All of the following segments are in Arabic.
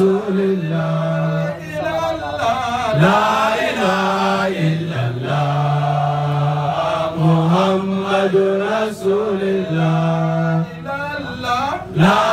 رسول الله لا إله إلا الله محمد رسول الله لا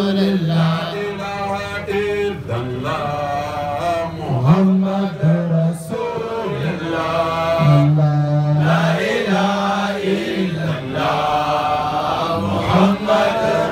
لله إله إلا محمد رسول الله لا إله إلا الله محمد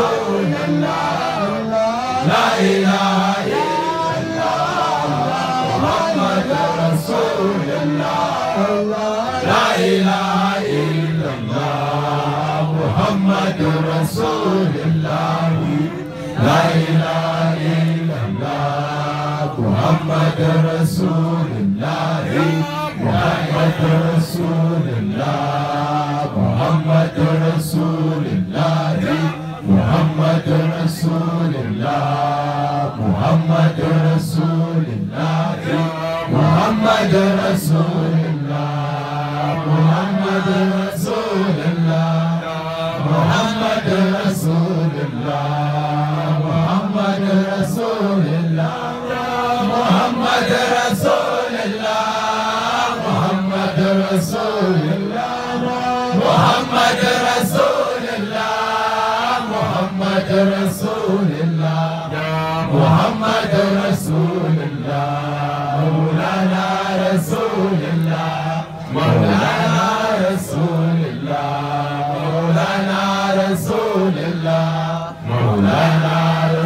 رسول الله لا إله إلا الله محمد رسول الله لا إله إلا الله محمد رسول الله لا إله إلا الله محمد رسول الله محمد رسول الله محمد محمد رسول الله محمد رسول الله محمد رسول الله مولانا رسول الله مولانا رسول الله مولانا رسول الله مولانا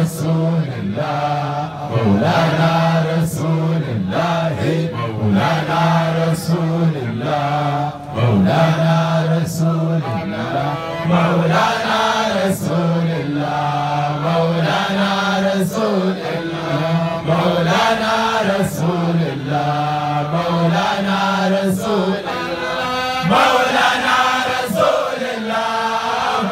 رسول الله مولانا رسول الله مولانا رسول الله مولانا رسول الله مولانا رسول الله مولانا رسول الله مولانا رسول الله مولانا رسول الله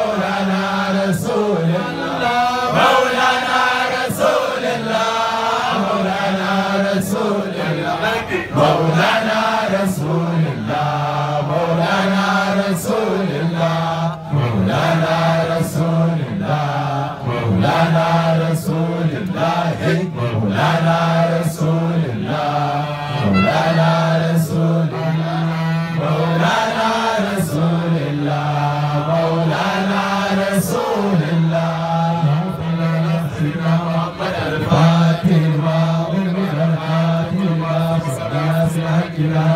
مولانا رسول الله مولانا رسول الله مولانا رسول الله مولانا رسول الله مولانا رسول الله مولانا رسول الله مولانا رسول الله مولانا رسول الله مولانا رسول الله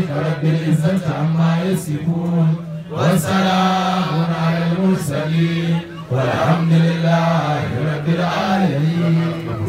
سبح رب العزة عما يصفون وسلام على المرسلين والحمد لله رب العالمين